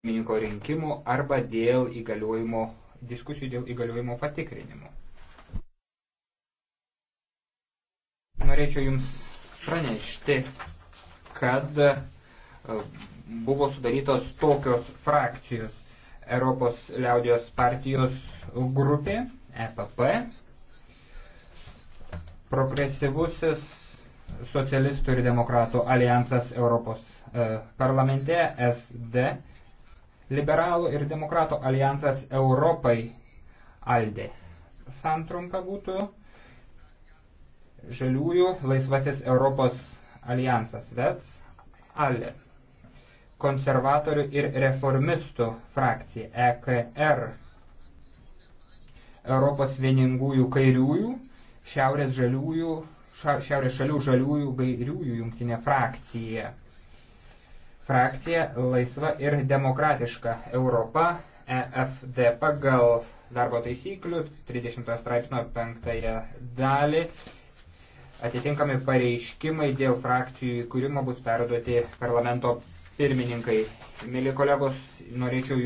pirmininko rinkimų arba dėl įgaliojimo, diskusijų dėl įgaliojimo patikrinimo. Norėčiau Jums pranešti, kad e, buvo sudarytos tokios frakcijos Europos liaudijos partijos grupė, EPP, progresyvusis socialistų ir demokratų alijansas Europos e, parlamente, SD, Liberalų ir demokratų alijansas Europai Aldė. Santrumpa būtų Žaliųjų laisvasis Europos alijansas VETS Aldė. Konservatorių ir reformistų frakcija EKR. Europos vieningųjų kairiųjų, Šiaurės žaliųjų, šiaurės šalių žaliųjų gairiųjų jungtinė frakcija frakcija Laisva ir demokratiška Europa, EFD pagal darbo taisyklių 30 straipsnio 5 dalį. Atitinkami pareiškimai dėl frakcijų įkūrimo bus perduoti parlamento pirmininkai. Mėly kolegos, norėčiau jums.